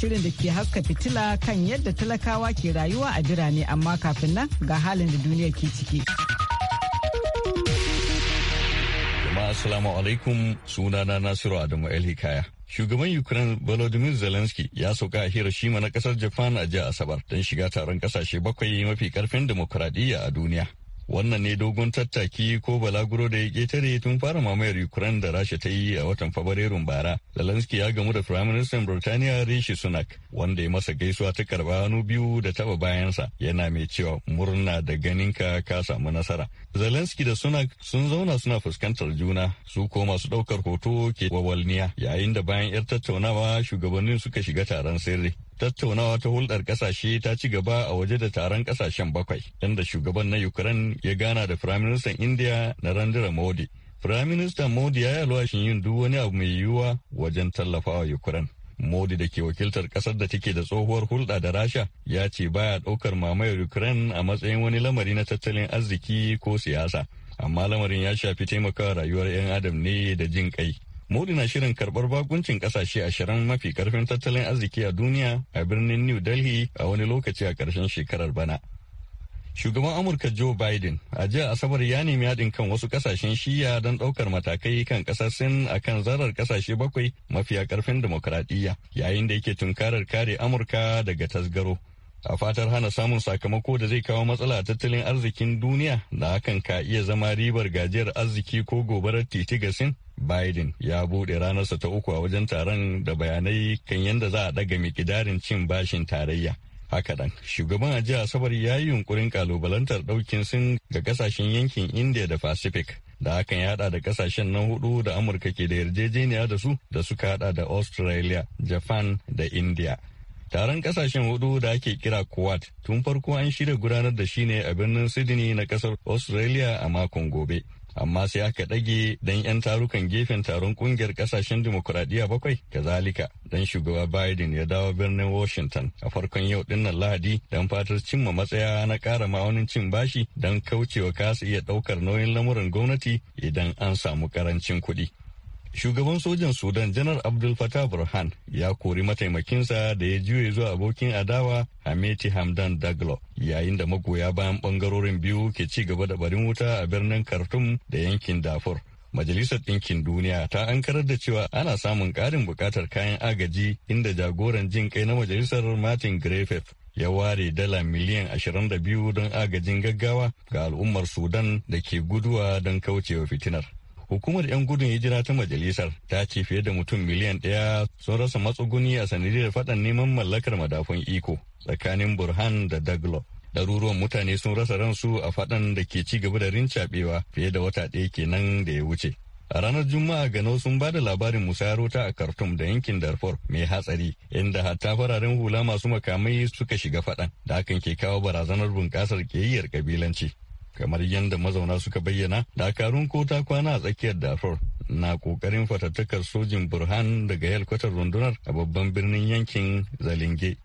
shirin da ke haska fitila kan yadda talakawa ke rayuwa a birane amma kafin nan ga halin da duniya ke ciki. Jama'a Assalamu alaikum sunana Nasiru Adamu El Hikaya. Shugaban Ukraine Volodymyr Zelensky ya sauka a Hiroshima na kasar Japan a jiya Asabar don shiga taron kasashe bakwai mafi karfin demokuraɗiyya a duniya. wannan ne dogon tattaki ko balaguro da ya ketare tun fara mamayar ukraine da rasha ta yi a watan fabrairun bara zelensky ya gamu da prime minister birtaniya rishi sunak wanda ya masa gaisuwa ta karba hannu biyu da taba bayansa yana mai cewa murna da ganinka ka samu nasara zelensky da sunak sun zauna suna fuskantar juna su ko masu ɗaukar hoto ke wawalniya yayin da bayan yar tattaunawa shugabannin suka shiga taron sirri tattaunawa ta hulɗar ƙasashe ta ci gaba a waje da taron ƙasashen bakwai inda shugaban na ukraine ya gana da firaministan india narendra modi firaministan modi ya yi alwashin yin duk wani abu mai yiwuwa wajen tallafawa ukraine modi da ke wakiltar ƙasar da take da tsohuwar hulɗa da rasha ya ce baya ɗaukar mamayar ukraine a matsayin wani lamari na tattalin arziki ko siyasa amma lamarin ya shafi taimakawa rayuwar 'yan adam ne da jin kai Modi na shirin karɓar bakuncin ƙasashe ashirin mafi karfin tattalin arziki a duniya a birnin New Delhi a wani lokaci a ƙarshen shekarar bana. Shugaban Amurka Joe Biden a jiya Asabar ya nemi haɗin kan wasu ƙasashen shiya don ɗaukar matakai kan ƙasar Sin a kan zarar ƙasashe bakwai mafiya ƙarfin demokuraɗiyya yayin da yake tunkarar kare Amurka daga tasgaro. a fatar hana samun sakamako da zai kawo matsala a tattalin arzikin duniya da hakan ka iya zama ribar gajiyar arziki ko gobarar titi ga sin biden ya buɗe ranarsa ta uku a wajen taron da bayanai kan yadda za a ɗaga mikidarin cin bashin tarayya haka dan shugaban ajiya asabar ya yi yunkurin kalubalantar ɗaukin sin ga kasashen yankin india da pacific da hakan ya hada da kasashen na hudu da amurka ke da yarjejeniya da su da suka hada da australia japan da india Taron kasashen hudu da ake kira Quad tun farko an shirya gudanar da shi ne a birnin Sydney na kasar Australia a makon gobe. Amma sai aka ɗage don 'yan tarukan gefen taron kungiyar kasashen demokuraɗiyya bakwai kazalika don shugaba Biden ya dawo birnin Washington a farkon yau dinnan Lahadi don fatar cimma matsaya na ƙara ma'aunin cin bashi don kaucewa kasa iya ɗaukar nauyin lamuran gwamnati idan an samu karancin kuɗi. shugaban sojan sudan janar abdul fatah burhan ya kori mataimakinsa da ya juye zuwa abokin adawa hameti hamdan daglo yayin da magoya bayan bangarorin biyu ke ci gaba da barin wuta a birnin khartoum da yankin dafur Majalisar Ɗinkin Duniya ta ankarar da cewa ana samun ƙarin buƙatar kayan agaji inda jagoran jin kai na majalisar Martin Griffith ya ware dala miliyan 22 don agajin gaggawa ga al'ummar Sudan da ke guduwa don kaucewa fitinar. Hukumar 'yan gudun hijira ta majalisar ta ce fiye da mutum miliyan ɗaya sun rasa matsuguni a sanadiyar faɗan neman mallakar madafun iko tsakanin Burhan da Daglo. Ɗaruruwan mutane sun rasa ransu a faɗan da ke ci gaba da rincaɓewa fiye da wata ɗaya kenan da ya wuce. A ranar Juma'a Gano sun ba da labarin musayarota a Khartoum da yankin Darfur mai hatsari inda hatta fararen hula masu makamai suka shiga faɗan da hakan ke kawo barazanar bunƙasar ƙiyayyar ƙabilanci. kamar yadda mazauna suka bayyana dakarun ko kwana a tsakiyar dafor na kokarin fatattakar sojin burhan daga yalkwatar rundunar a babban birnin yankin zalinge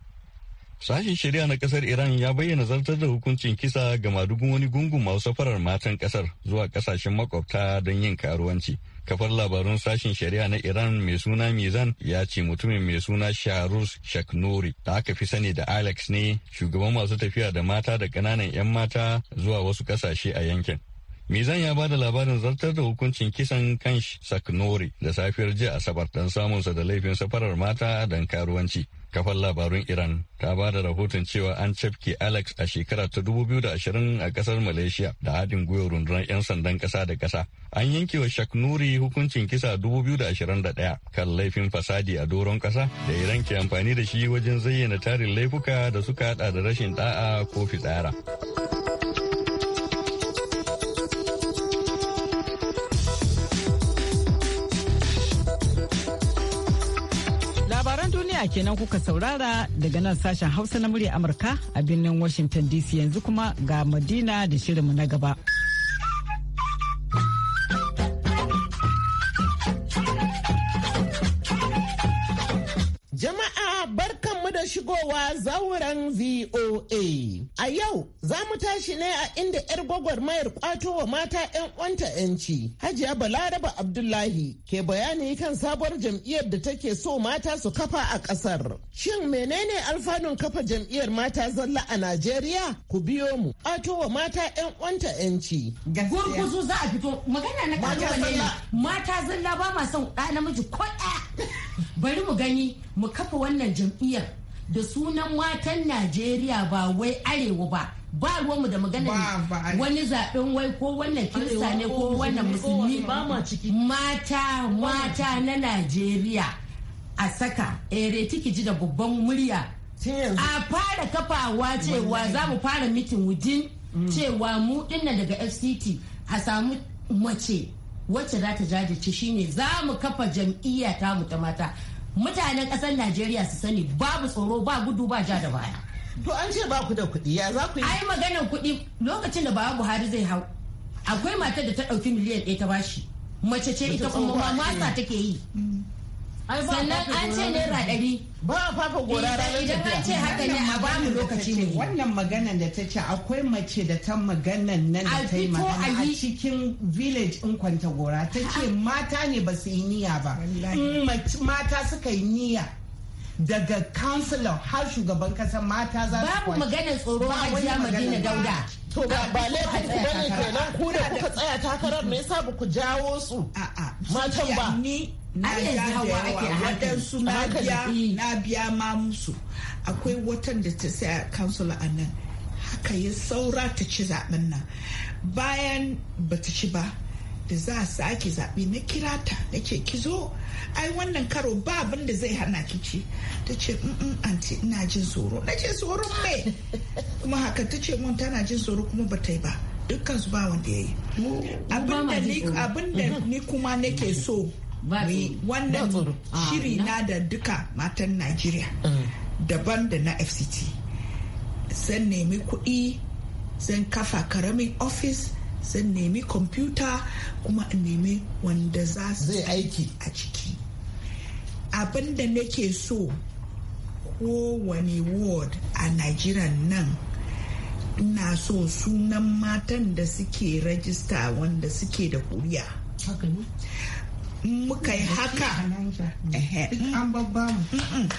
sashen shari'a na kasar iran ya bayyana zartar da hukuncin kisa ga madugun wani gungun masu safarar matan kasar zuwa kasashen makwabta don yin karuwanci kafar labarun sashen shari'a na Iran mai suna Mizan ya ce mutumin mai suna Sharus shaknuri da aka fi sani da Alex ne shugaban masu tafiya da mata da ƙananan 'yan mata zuwa wasu ƙasashe a yankin. Mizan ya ba da labarin zartar da hukuncin kisan kan Saknori da safiyar jiya Asabar don samunsa da laifin safarar mata don karuwanci. Kafar labarun Iran ta ba da rahoton cewa an cafke Alex a shekara ta 2020 a kasar Malaysia da haɗin gwiwar rundunar 'yan sandan ƙasa da ƙasa. An yanke wa Shak Nuri hukuncin kisa 2021 kan laifin fasadi a doron ƙasa da Iran ke amfani da shi wajen zayyana tarin laifuka da suka haɗa da rashin ɗa'a ko fitsara. duniya kenan kuka saurara daga nan sashen hausa na murya amurka a birnin washington dc yanzu kuma ga madina da shirinmu na gaba. zauren VOA. A yau za mu tashi ne a inda 'yar gwagwarmayar kwato wa mata 'yan uwanta 'yanci. Hajiya Balaraba Abdullahi ke bayani kan sabuwar jam'iyyar da take so mata su kafa a ƙasar. Shin menene alfanun kafa jam'iyyar mata zalla a Najeriya? Ku biyo mu. Kwato wa mata 'yan uwanta 'yanci. Gurguzu za a fito magana na ne mata zalla ba ma son ɗa namiji ko ɗaya. Bari mu gani mu kafa wannan jam'iyyar da sunan matan najeriya ba wai arewa ba ba ruwanmu da magana wani zaben wai ko wannan kirista ne ko wannan musulmi mata mata na najeriya a saka ere tiki ji da babban murya a fara kafawa cewa za mu fara mitin wujin mm. cewa mu dinna daga fct a samu mace wacce za ta jajirce shine za mu kafa jam'iyya ta mu ta mata mutanen ƙasar najeriya su sani babu tsoro ba gudu ba ja da baya to an ce ba ku da kuɗi ya za ku yi ai maganar kuɗi lokacin da baba buhari zai hau akwai matar da ta ɗauki miliyan ɗaya ta bashi mace ce ita kuma ma masa take yi mm. sannan an ce naira ɗari ba a fafa gora eh, ranar idan an ce haka ne a bamu lokaci ne wannan maganan da ta ce akwai mace da ta maganan nan da ta yi magana a cikin village in kwanta gora ta ce mata ne ba su yi niyya ba mm, mata suka yi niyya daga councilor har shugaban kasa mata za su babu maganar tsoro a jiya madina dauda to ba laifin ku bane kenan ku da kuka tsaya takarar me yasa ba ku jawo su matan ba ai waɗansu mm. na biya ma musu akwai watan da ta saya kansula a nan haka ya saura ta ci zaɓen nan bayan ta ci ba da za a sake zaɓe na kira ta nake ki zo ai wannan karo ba abin da zai hana ki ci ta ce anti ina jin tsoro na ce tsoro mai kuma haka ta ce mun tana jin tsoro kuma ba ta yi ba dukkan su ba wanda ya yi abin da mm-hmm. ni kuma nake so wannan shiri ah, na da duka matan najeriya mm. daban da na fct Zan nemi kuɗi zan kafa karamin ofis zan nemi kwamfuta kuma nemi wanda za su aiki a ciki abin da nake so kowane ward a najeriya nan ina so sunan matan da suke rajista wanda suke da kuriya muka yi haka an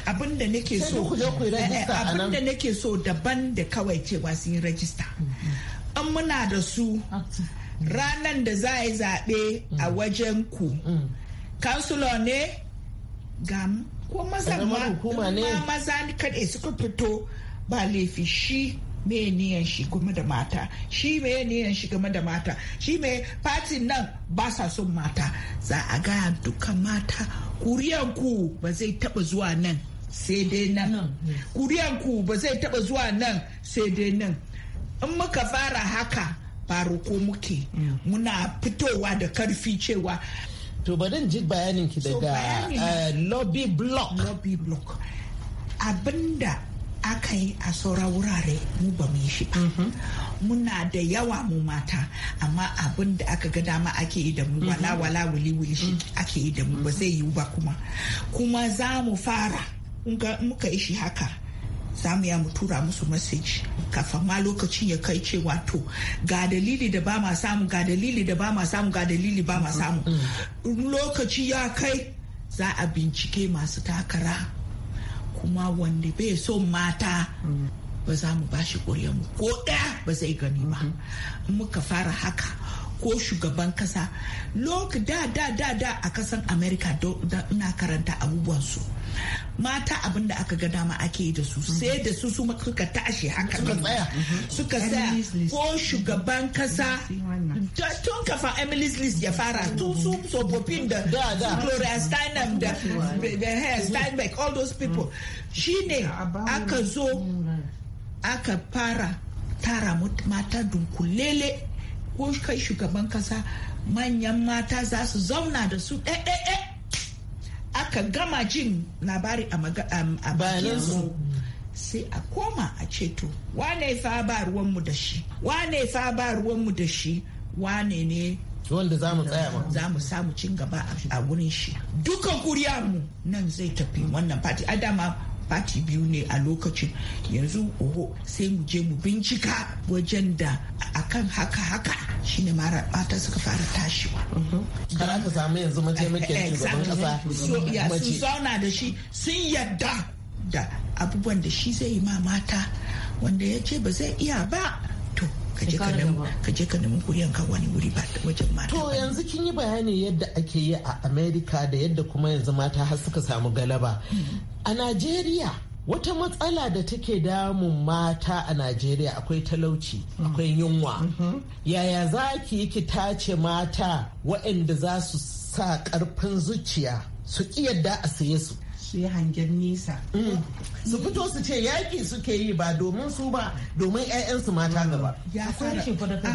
abinda nake so abinda nake so daban da kawai cewa sun yi rajista an muna da su ranar da za a yi zaɓe a wajen ku kansulo ne ga ko maza ma maza kaɗai suka fito ba laifi shi me niyan shi game da mata shi me niyan shi game da mata shi me fatin nan ba sa son mata za a ga duka mata kuriyanku ba zai taba zuwa nan sai dai nan kuriyanku ba zai taba zuwa nan sai dai nan in muka fara haka ko muke muna fitowa da karfi cewa to bari ji bayanin ki eh, daga lobby block abinda aka yi a saura wurare mu ba mu yi shi ba mhm. muna da yawa mu mata amma abin da aka ga dama ake yi da mu mhm. wala wala wuli wuli shi mhm. ake yi da mu ba zai yiwu ba kuma kuma za mu fara muka yi shi haka za mu ya mu tura musu message kafin ma lokacin ya kai cewa to ga dalili da ba ma samu ga dalili da ba ma samu ga dalili ba ma samu lokaci ya kai za a bincike masu takara kuma wanda bai so mata ba za mu bashi mu ko ɗaya ba zai gani ba muka fara haka ko shugaban kasa da da da da a kasan america ina karanta su. mata abin da aka ga dama ake da su mhm. sai da su su suka tashi haka suka tsaya mhm. suka tsaya ko shugaban kasa tun kafa emily's list ya fara tun su sobobin da gloria steinem da steinbeck all those people mhm. shine aka zo aka fara tara mata dunkulele ko kai shugaban kasa manyan mata za su zauna da su ɗaiɗaiɗai eh, eh, eh. aka gama jin labari a um, bayanansu sai a koma a ceto wane fa ba ruwanmu da shi wane fa ba ruwanmu da shi wane ne wanda za mu tsaya ma za mu samu cin gaba a wurin shi dukan kuriya mu nan zai tafi wannan fati adama fati biyu ne a lokacin yanzu oho sai mu je mu bincika wajen da akan haka haka shine mara mata suka fara tashiwa Kana mm-hmm. ka samu yanzu mataimakin eh, shugaban kasa sun da shi sun yadda da abubuwan da shi zai yi ma mata wanda ya ce ba zai iya ba ka je ka nemi ka je kuriyan ka wani wuri ba wajen mata to yanzu kin yi bayani yadda ake yi a Amerika da yadda kuma yanzu mata har suka samu galaba a Nigeria wata matsala da take damun mata a Nigeria akwai talauci akwai yunwa yaya za ki yi ki tace mata waɗanda za su sa ƙarfin zuciya su ƙi yadda a saye su su yi hangen nisa mm. su fito su ce yaƙi suke yi ba domin su ba domin 'ya'yansu mata mm. gaba ya fara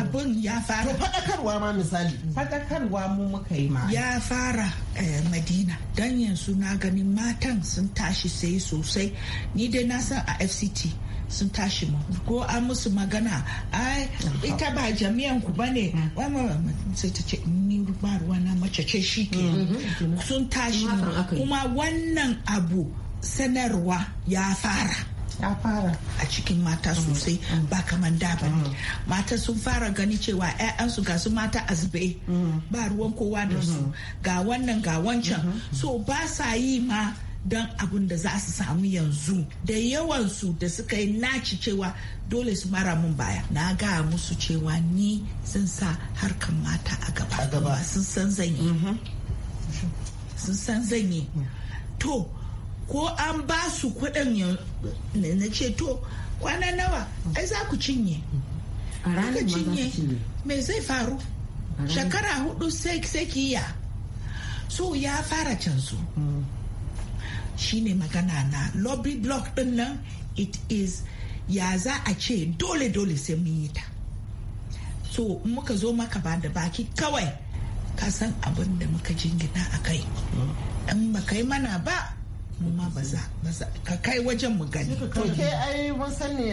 abin ya fara to faɗakarwa ma misali faɗakarwa mu muka yi ma ya fara eh, madina don yanzu na ganin matan sun tashi sai sosai ni dai na san a fct sun tashi ko an musu magana ai ita ba jami'an ku bane mm. sai ta ce ni ba ruwa na mace shi ke mm. mm-hmm. Mm-hmm. sun tashi kuma wannan abu sanarwa ya fara ya fara a cikin mata mm-hmm. sosai ba kamar da ba mata sun fara gani cewa 'ya'yansu ga su mata azbe ba ruwan kowa da su ga wannan ga wancan so ba sa yi ma don abin da za su samu yanzu da yawansu da suka yi naci cewa dole su mara mun baya na ga musu cewa ni zan sa harkar mata a gaba sun san zan yi mm-hmm. sun san zan mm. to ko an ba su kuɗin na ce to kwana nawa ai za ku cinye ka cinye me zai faru shekara hudu sai kiya so ya fara canzu. Mm. shine magana na lobby block din nan it is ya za a ce dole dole sai mun yi ta so muka zo maka ba da baki kawai ka san abin da muka jingina a kai in ba kai mana ba mu ma ba za ka kai wajen mu gani to ke ai mun sani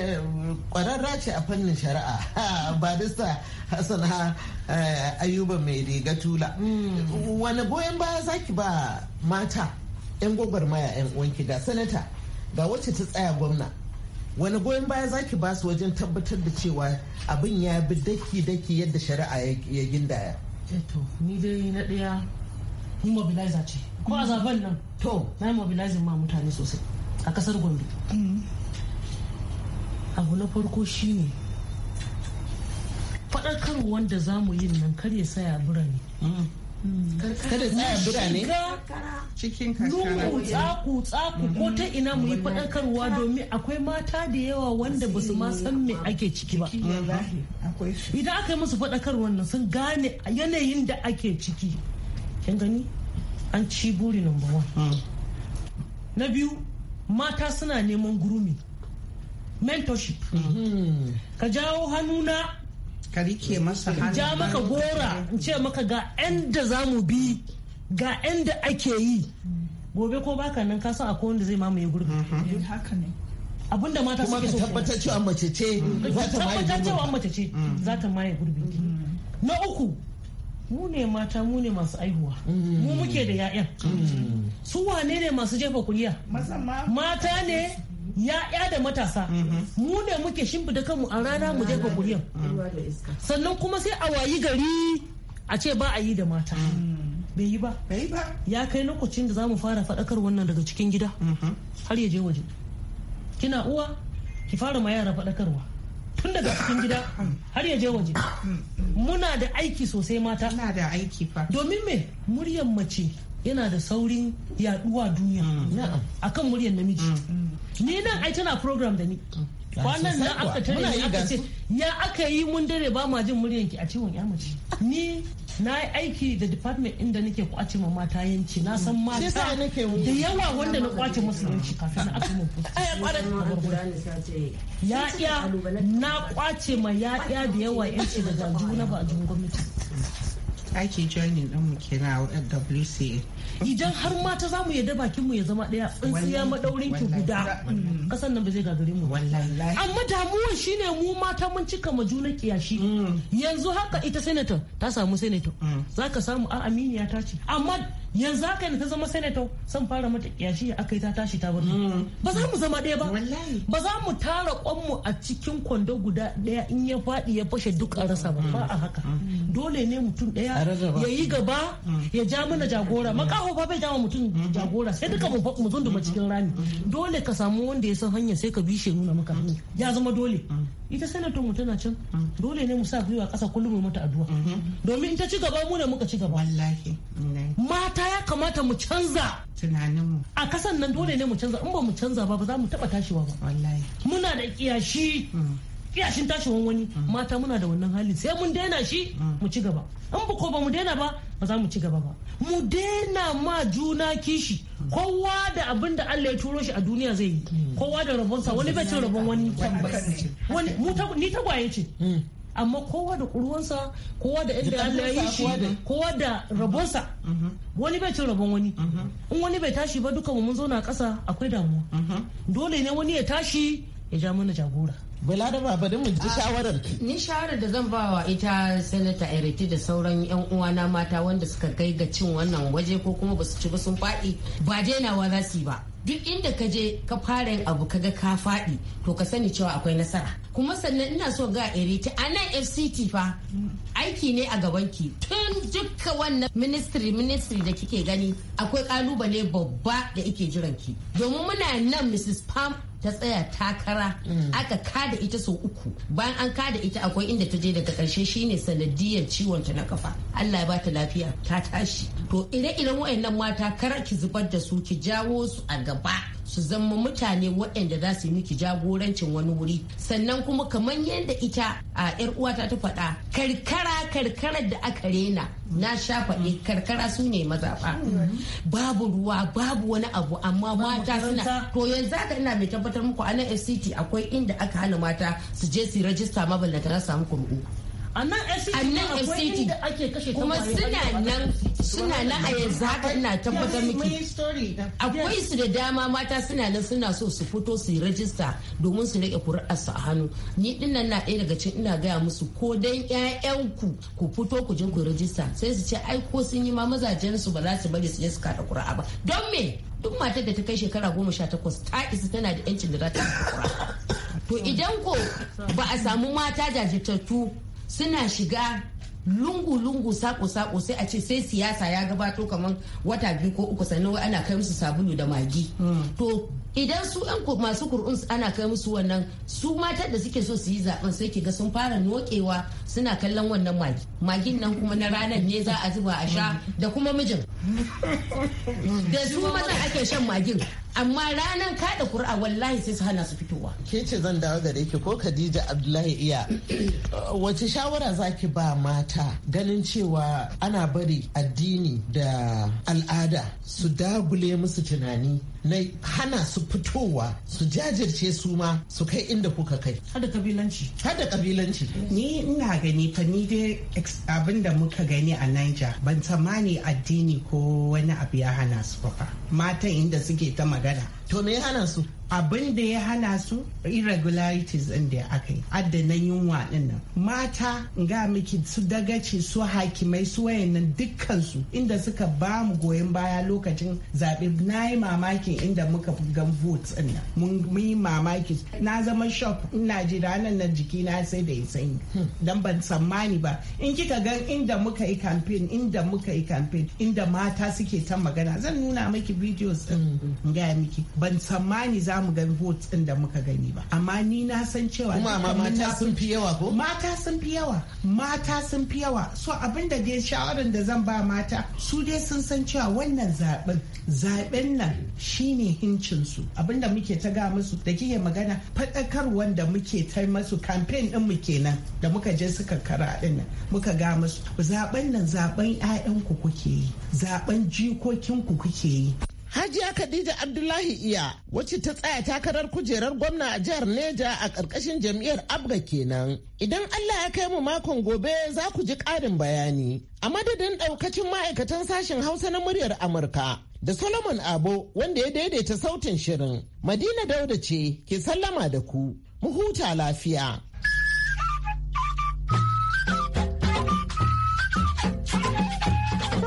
kwararra ce a fannin shari'a barista hasana eh, ayuba mai riga tula hmm. wani goyon baya zaki ba mata 'yan gwagwarmaya 'yan uwanki ga sanata ga wacce ta tsaya gwamna wani goyon baya za ki basu wajen tabbatar da cewa abin ya bi daki-daki yadda shari'a ya gindaya. Eh, to ni dai na ɗaya ni mobilizer ce ko a zaben nan to na yi ma mutane sosai a kasar gombe mm. abu na farko shine faɗakar wanda za mu yi nan kar ya saya birane mm. kada tsaya birane cikin karkara tsaku tsaku ko ta ina mu yi faɗakarwa domin akwai mata da yawa wanda ba su ma san me ake ciki ba idan aka yi musu faɗakarwa nan sun gane yanayin da ake ciki kin gani an ci buri number one mm. na biyu mata suna neman gurumi mentorship mm. ka jawo hannuna ka rike masa hannu ja maka gora in ce maka ga yan da za mu bi ga yan da ake yi gobe ko baka nan ka san akwai wanda zai mamaye gurbi mhm. eh, haka ne abinda mata suke so tabbatar cewa mace ce tabbatar cewa mace ce za ta maye gurbi mhm. mhm. na uku mu ne mata mu ne masu aihuwa mu muke da 'ya'yan su wane ne masu jefa kuriya mata ne ya'ya da matasa mhm. mu ne muke shimfida kanmu a rana mu jefa kuriyan sannan kuma sai a wayi gari a ce ba a yi da mata mhm. bai yi ba ya kai lokacin da za mu fara faɗakar wannan daga cikin gida mhm. har ya waje kina uwa ki fara ma yara faɗakarwa tun daga cikin gida har ya waje muna da aiki sosai mata domin me muryar mace yana da saurin yaduwa duniya mm. A kan muryar namiji mm. ni nan ai tana program da ni mm. kwanan nan aka tare ni aka ce ya aka yi mun dare ba ma jin muryar ki a ciwon ya mace ni na yi aiki da department inda nake kwace ma mata yanci na san mata da yawa wanda na kwace masu yanci kafin aka mun ya ya na kwace ma ya da yawa yanci da juna ba a jin gwamnati ake joining din muke na a WCA. Idan har mata za mu yadda bakinmu ya zama ɗaya. daya tsintsiya maɗaurin ki guda mm. ƙasar nan ba zai gagare mu. Wallahi. Amma damuwar shine mu mata mun cika ma juna kiyashi. Mm. Yanzu haka ita senator ta samu senator. Mm. ka samu a aminiya ta ce. Amma yanzu haka ne ta zama senator san fara mata kyashi aka yi ta tashi ta bar hmm. ba za mu zama ɗaya ba ba za mu tara kwanmu a cikin kwando guda ɗaya in ya faɗi ya fashe duk a rasa ba ba a haka hmm. Hmm. dole ne mutum ɗaya ya yi gaba ya ja mana jagora makaho ba bai jama mutum jagora sai duka mu zunduma cikin rami dole ka samu wanda ya san hanya sai ka bishe nuna maka hanya ya zama dole ita sanatar mu tana can dole ne mu sa gwiwa kasa kullum mu mata addu'a mhm. domin ta ci gaba mu ne muka ci gaba wallahi mata ya kamata mu canza tunanin a kasan nan dole ne mu canza in ba mu canza ba ba za mu taba tashiwa ba wallahi muna da kiyashi mm. kiyashin tashin wani mm. mata muna da wannan halin sai mun daina shi mm. mu ci gaba in ba ko ba mu daina ba ba za mu ci gaba ba mu daina ma juna kishi mm. kowa da abin da Allah ya turo shi a duniya zai yi kowa da rabonsa wani bai ci rabon wani wani ni tagwaye ce amma kowa da sa kowa da inda Allah ya yi shi kowa da rabonsa mm-hmm. wani bai ci rabon wani mm-hmm. in wani bai tashi ba duka mun zo na kasa akwai damuwa mm-hmm. dole ne wani ya tashi ya ja mana jagora Balaraba bari mu ji ah, shawarar Ni shawarar da zan bawa ita Sanata Eriti da sauran yan uwana mata wanda suka kai ga cin wannan waje ko kuma basu ci ba sun faɗi ba denawa za su yi ba. Duk inda ka je ka fara yin abu kaga ka faɗi to ka sani cewa akwai nasara. Kuma sannan ina so ga Eriti a nan FCT fa aiki ne a gaban ki tun dukka wannan ministry ministry da kike gani akwai kalubale babba da ike jiran ki Domin muna nan Mrs. Pam ta tsaya takara mm. aka kada kada ita sau uku bayan an kada ita akwai inda ta je daga karshe shine sanadiyar ciwon ta na kafa Allah ya bata lafiya ta tashi to ire-iren wayannan mata kar ki zubar da su ki jawo su a gaba su zama mutane waɗanda za su yi miki jagorancin wani wuri sannan kuma kamar yadda ita a yar uwata ta faɗa karkara karkara da aka rena na sha faɗi karkara su ne mazaɓa babu ruwa babu wani abu amma mata suna to yanzu haka ina mai tabbatar muku a nan fct akwai inda aka hana mata su je su rajista maballata na samu kuri'u a nan fct akwai kuma suna nan suna nan a yanzu haka ina tabbatar miki akwai su da dama mata suna nan suna so su fito su yi rajista domin su rike kuri'ar su a hannu ni dinnan na ɗaya daga cikin ina gaya musu ko dan ƴaƴanku ku fito ku je ku rajista sai su ce ai ko sun yi ma mazajen su ba za su bari su je su kada kuri'a ba don me duk matar da ta kai shekara goma sha takwas ta isa tana da yancin da za ta yi kuri'a to idan ko ba a samu mata jajirtattu suna shiga lungu-lungu sako-sako sai a ce sai siyasa ya gabato kamar wata biyu ko uku sannan ana kai musu sabulu da magi hmm. to idan su yan masu kur'un ana kai musu wannan su matan da suke so su yi zaben sai ki ga sun fara nokewa suna kallon wannan magi magin nan kuma na ranar ne za a zuba a sha hmm. da kuma mijin da su maza ake shan magin amma ranar kada kur'a wallahi sai su hana su fitowa ke ce zan dawo gare ki ko Khadija Abdullahi iya uh, wace shawara zaki ba mata ganin cewa ana bari addini da al'ada su dagule musu tunani na hana su fitowa su jajirce su ma su kai inda kuka kai hada kabilanci hada kabilanci ni ina gani fa ni dai abin da muka gani a Niger ban tsammani addini ko wani abu ya hana su fa matan inda suke ta magana to me hana su abin da ya hana su irregularities din da aka yi addanan yunwa din mata ga miki su dagaci su hakimai su wayannan dukkansu inda suka ba mu goyon baya lokacin zaɓe na yi mamakin inda muka gan votes din mun yi mamaki na zama shop ina ji ranar na jiki na sai da ya sanyi dan ban tsammani ba in kika gan inda muka yi campaign inda muka yi campaign inda mata suke ta magana zan nuna miki videos din mm. ga miki ban tsammani za mu ga votes din da muka gani ba amma ni na san cewa mata sun fi yawa ko mata sun fi yawa mata sun fi yawa so abin da dai shawaran da zan ba mata su dai sun san cewa wannan zaben zaben nan shine hincin su abin da muke ta ga musu da kike magana fadakar wanda muke ta masu campaign din mu kenan da muka je suka kara din muka ga musu zaben nan zaben ku kuke yi zaben jikokin ku kuke yi Hajiya Khadija Abdullahi Iya wacce ta tsaya takarar kujerar gwamna a jihar Neja a ƙarƙashin jam'iyyar Abga kenan. Idan Allah ya kai mu makon gobe za ku ji ƙarin bayani. A madadin ɗaukacin ma'aikatan sashen Hausa na muryar Amurka da Solomon Abo wanda ya daidaita sautin shirin. Madina Dauda ce ke sallama da ku. Mu huta lafiya.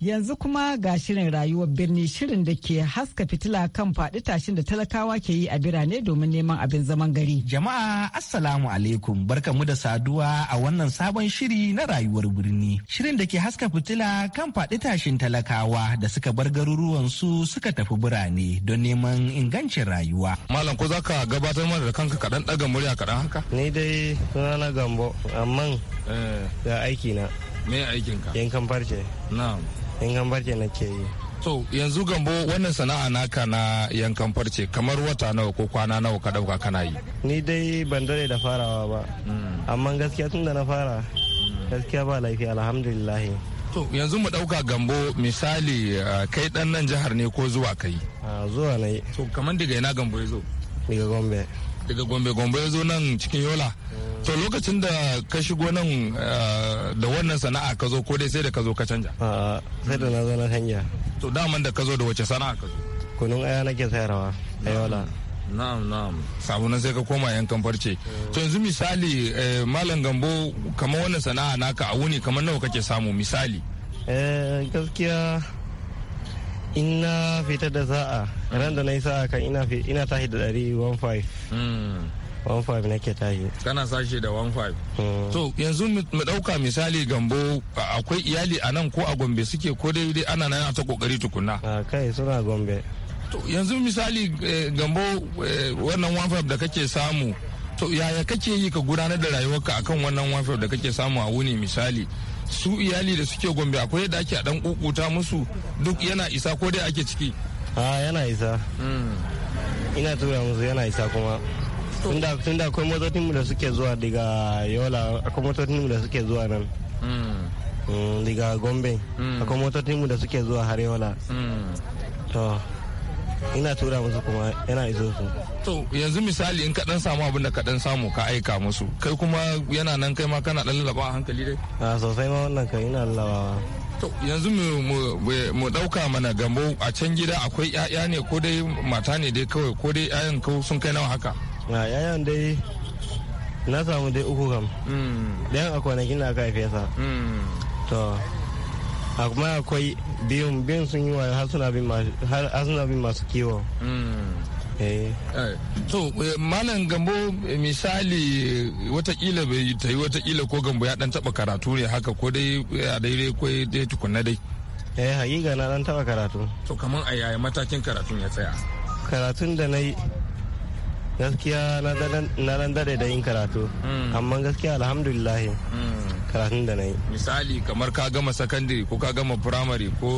Yanzu kuma ga shirin rayuwar birni shirin da ke haska fitila kan faɗi tashin da talakawa ke yi a birane domin neman abin zaman gari. Jama'a Assalamu alaikum barkamu da saduwa a wannan sabon shiri na rayuwar birni. Shirin da ke haska fitila kan faɗi tashin talakawa da suka bar garuruwan su suka tafi birane don neman ingancin rayuwa. Malam ko za ka gabatar mana da kanka kaɗan ɗaga murya kaɗan haka? Ni dai sunana Gambo, amman eh. ga aiki na. Me aikinka? Yankan farce. Na'am. in gambar ke yi to yanzu gambo wannan sana'a naka na yankan farce kamar wata nawa ko kwana nawa ka dauka kana yi ni dai ban dare da farawa ba hmm. amma gaskiya tun da na fara hmm. gaskiya ba laifi alhamdulillah to yanzu mu dauka gambo misali kai dan nan jihar ne ko zuwa kai zuwa na yi to kamar daga ina gambo ya zo daga gombe daga gombe gombe ya zo nan cikin yola to lokacin da ka shigo nan eh, da wannan sana'a ka zo ko dai sai da ka zo ka canja ah, sai da na zo na hanya. to daman da ka zo da wace sana'a ka zo kunun aya nake sayarwa a yola na'am na'am sabunan sai ka koma yankan farce to yanzu misali eh, malam gambo kamar wannan sana'a naka a wuni kamar nawa kake samu misali eh gaskiya in na fitar da sa'a ran da na yi sa'a kan ina tashi da ɗari 15 15 hmm. nake tashi. Kana sashe da 15. Hmm. To yanzu mu dauka misali gambo akwai iyali a nan ko a Gombe suke ko dai dai ana nan ta kokari tukunna. kai suna Gombe. To yanzu misali eh, gambo eh, wannan 15 da kake samu to yaya kake yi ka gudanar da rayuwarka akan wannan 15 da kake samu a wuni misali su iyali da suke gombe akwai yadda ake dan kukuta musu duk yana isa ko dai ake ciki a yana isa hmm. ina tura musu yana isa kuma tunda akwai motocin da suke zuwa daga yola akwai motocin da suke zuwa nan hmm. Hmm, daga gombe akwai motocin da suke zuwa har yola to ina tura musu kuma yana iso su to yanzu misali in kaɗan samu abin da kaɗan samu ka aika musu kai kuma yana nan kai ma kana ɗan laba a hankali dai a sosai ma wannan kai ina lallabawa to yanzu mu ɗauka mana gambo a can gida akwai 'ya'ya ne ko dai mata ne dai kawai ko dai 'ya'yan kawai sun kai nawa haka a 'ya'yan dai na samu dai uku kam ɗayan hmm. a kwanakin da aka haife sa hmm. to kuma akwai biyun biyun sun yi wa har suna bin masu kiwo to hmm. eh. eh, malam gambo eh, misali watakila bai ta yi watakila ko gambo ya dan taba karatu ne haka ko dai a daidai ko dai tukunna dai eh hakika na dan taba karatu to kaman a yaya matakin karatun ya tsaya karatun da na yi gaskiya na dan dare da yin karatu hmm. amma gaskiya alhamdulillah karatun da na yi misali kamar ka gama sakandare ko ka gama firamare ko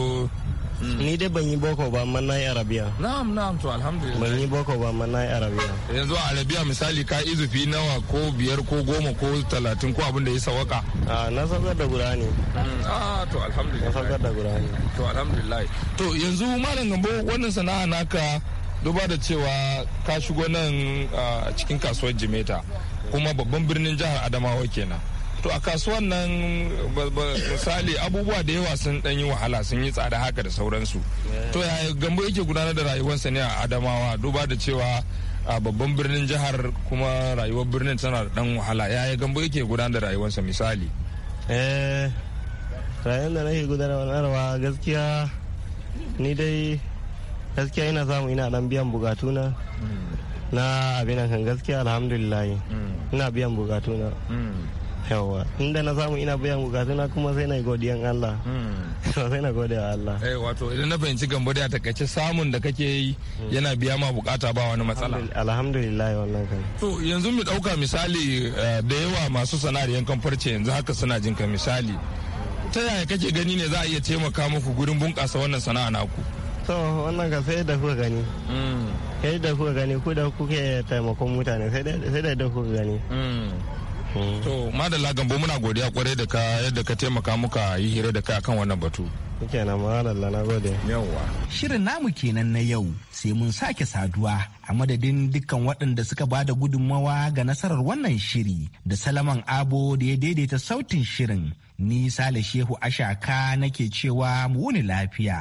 hmm. ni dai ban yi boko ba amma na yi arabiya na'am na'am to alhamdulillah ban yi boko ba amma na yi arabiya yanzu a arabiya misali ka izufi nawa ko biyar ko goma ko talatin ko abin da ya sawaka a na saukar da ne hmm, a to alhamdulillah na saukar da ne to alhamdulillah to yanzu malam gambo wannan sana'a naka duba da cewa ka shigo nan a cikin kasuwar jimeta kuma babban birnin jihar adamawa kenan to a kasuwan nan misali abubuwa da yawa sun dan yi wahala sun yi tsada haka da sauransu to ya gambo yake gudanar da rayuwarsa ne a adamawa duba da cewa a babban birnin jihar kuma rayuwar birnin tana da dan wahala ya yi gambo yake gudanar da rayuwarsa misali eh rayuwar da nake gudanarwa gaskiya ni dai gaskiya ina samu ina dan biyan bukatuna na abin kan gaskiya alhamdulillah mm. ina biyan bukatuna mm. yawa inda na samu ina biyan bukatuna kuma sai na godiyan Allah mm. sai na godiya Allah eh wato idan na fahimci gambo da takaice samun da kake yi yana biya ma bukata ba wani matsala alhamdulillah wannan kan to yanzu mu dauka misali eh, da yawa masu sanariyan yankan yanzu haka suna jin ka misali ta yaya kake gani ne za a iya taimaka muku gurin bunƙasa wannan sana'a naku to wannan ka sai da kuka gani kai mm. da kuka gani ku da kuke taimakon mutane sai da kuka gani mm. Mm. to madalla gambo muna godiya kwarai da ka yadda ka taimaka muka yi hira da kai akan wannan batu kenan madalla na gode yawa shirin namu kenan na yau sai mun sake saduwa a madadin dukkan waɗanda suka ba da gudunmawa ga nasarar wannan shiri da salaman abo da ya daidaita sautin shirin ni sale shehu ashaka nake cewa mu wuni lafiya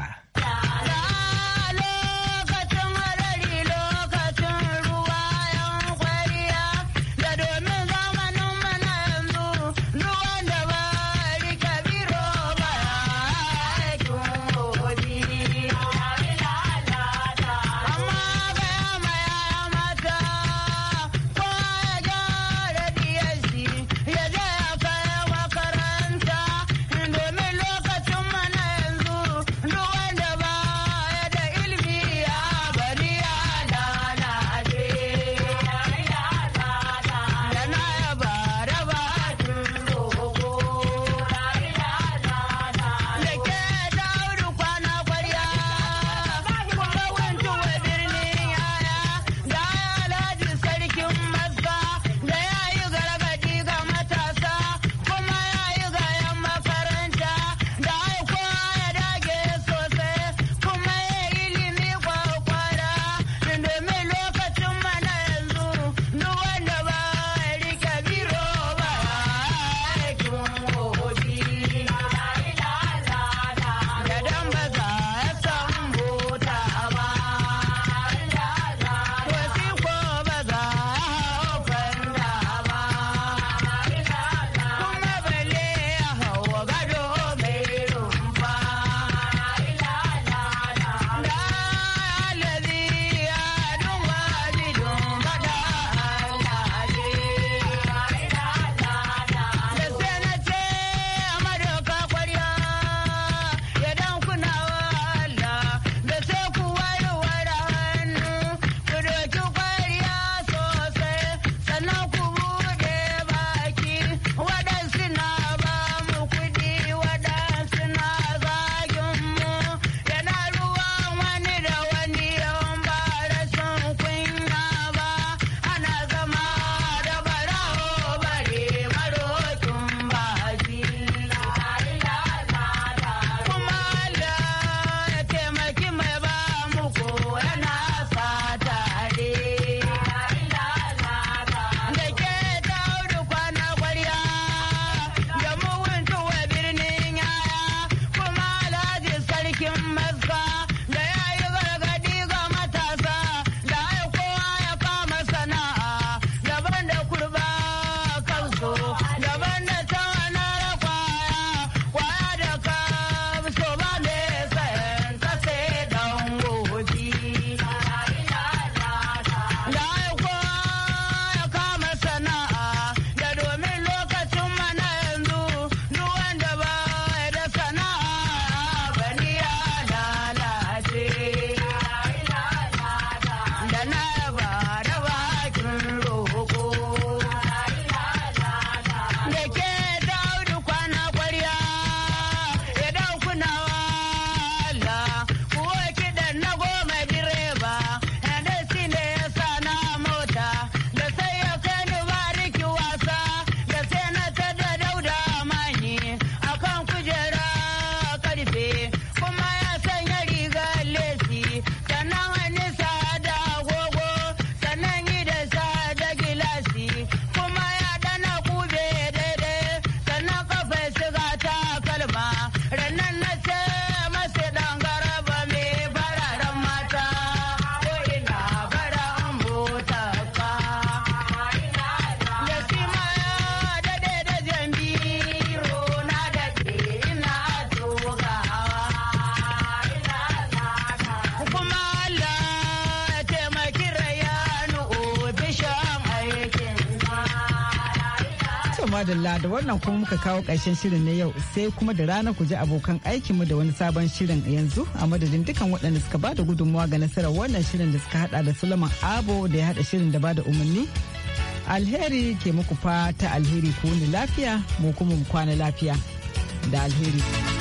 madalla da wannan kuma muka kawo ƙarshen shirin na yau sai kuma da rana ku ji abokan aikinmu da wani sabon shirin yanzu a madadin dukan waɗanda suka bada gudunmawa ga nasarar wannan shirin da suka hada da sulaiman Abo da ya hada shirin da ba da umarni. Alheri ke muku fata alheri ku ni lafiya mu kuma mu kwana lafiya da alheri.